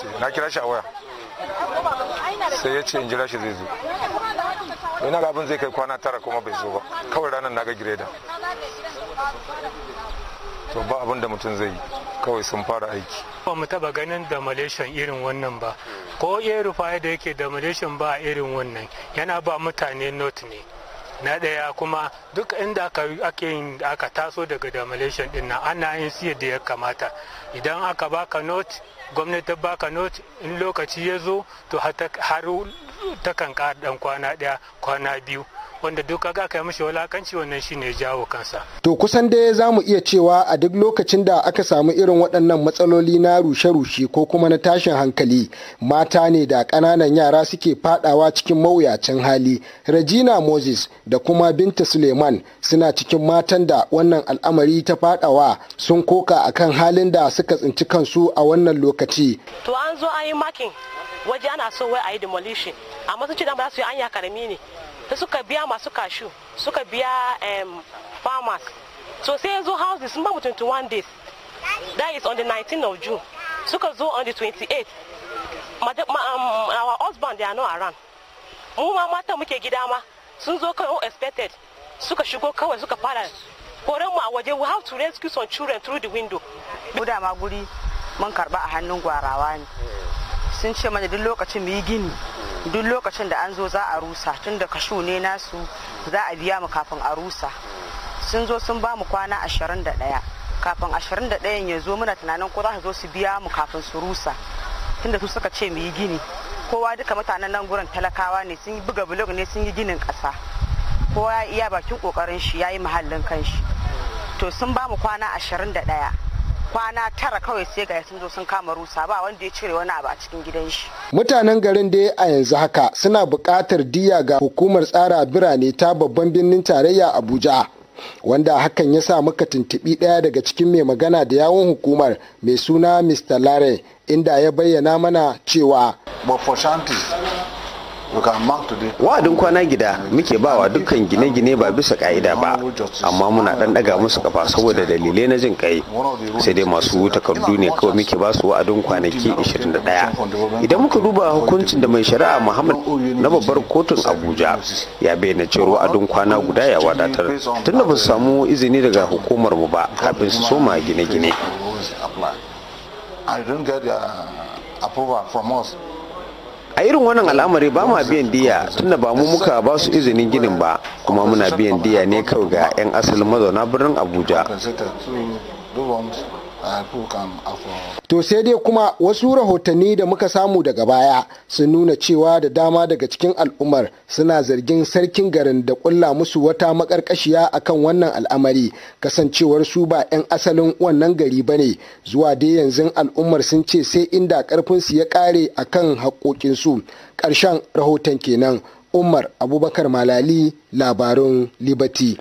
ce na kira shi a waya sai ya ce in jira shi zai zo ina ga abin zai kai kwana tara kuma bai zo ba kawai ranar na ga gireda to ba abin da mutum zai yi kawai sun fara aiki ba mu taba ganin da malaysian irin wannan ba ko iya rufa da yake da malaysian ba irin wannan yana ba mutane not ne na ɗaya kuma duk inda ake yin aka taso daga demolition din na ana yin siya da ya kamata idan aka baka note gwamnati baka note in lokaci ya zo to har takan kara ɗan kwana ɗaya kwana biyu wanda duk kaga aka yi mishi walakanci wannan shine ya jawo kansa to kusan dai za mu iya cewa a duk lokacin da aka samu irin waɗannan matsaloli na rushe-rushe ko kuma na tashin hankali mata ne da ƙananan yara suke fadawa cikin mawuyacin hali regina moses da kuma binta suleiman suna cikin matan da wannan al'amari ta fadawa sun koka akan halin da suka tsinci kansu a wannan lokaci to an zo an yi makin waje ana so wai a yi demolition amma sun ce dan ba su yi anya karami ne sai suka biya masu kashu suka biya farmers so sai yanzu houses sun ba mu 21 days that is on the 19th of june suka zo on the 28th ma, um, our husband they are not around mu ma mata muke gida ma sun zo kawai expected suka shigo kawai suka fara koren mu a waje we have to rescue some children through the window guda ma guri mun karba a hannun gwarawa ne sun ce mana duk lokacin mu yi gini duk lokacin da an zo za a rusa tun da kashu ne nasu za a biya mu kafin a rusa sun zo sun ba mu kwana 21 kafin 21 ya zo muna tunanin ko za su zo su biya mu kafin su rusa tunda su suka ce mu yi gini kowa duka mutanen nan gurin talakawa ne sun yi buga bulog ne sun yi ginin ƙasa kowa ya iya bakin ƙoƙarin shi ya yi muhallin kanshi to sun ba mu kwana 21 kwana tara kawai sai ga sun zo sun kama rusa ba wanda ya cire wani abu a cikin gidan shi mutanen garin da a yanzu haka suna buƙatar diya ga hukumar tsara birane ta babban birnin tarayya abuja wanda hakan ya sa muka tuntuɓi ɗaya daga cikin mai magana da yawon hukumar mai suna mr lare inda ya bayyana mana cewa but wa'adin kwana gida muke bawa dukkan gine-gine ba bisa ka'ida ba amma muna dan daga musu kafa saboda dalilai na jin kai sai dai masu takardu ne kawai muke ba su wa'adin kwanaki 21 idan muka duba hukuncin da mai shari'a muhammad na babbar kotun abuja ya bayyana cewa wa'adin kwana guda ya wadatar tunda ba su samu izini daga hukumar mu ba kafin su soma gine-gine I a irin wannan al'amari ba ma biyan diya tunda ba mu muka ba su izinin ginin ba kuma muna biyan diya ne kawai ga 'yan asalin mazauna birnin abuja To sai dai kuma wasu rahotanni da muka samu daga baya sun nuna cewa da dama daga cikin al'ummar suna zargin sarkin garin da kulla musu wata makarkashiya akan wannan al'amari kasancewar su ba 'yan asalin wannan gari ba ne zuwa dai yanzu al'ummar sun ce sai inda karfinsu ya kare akan haƙoƙinsu ƙarshen rahoton kenan umar abubakar malali labarun liberty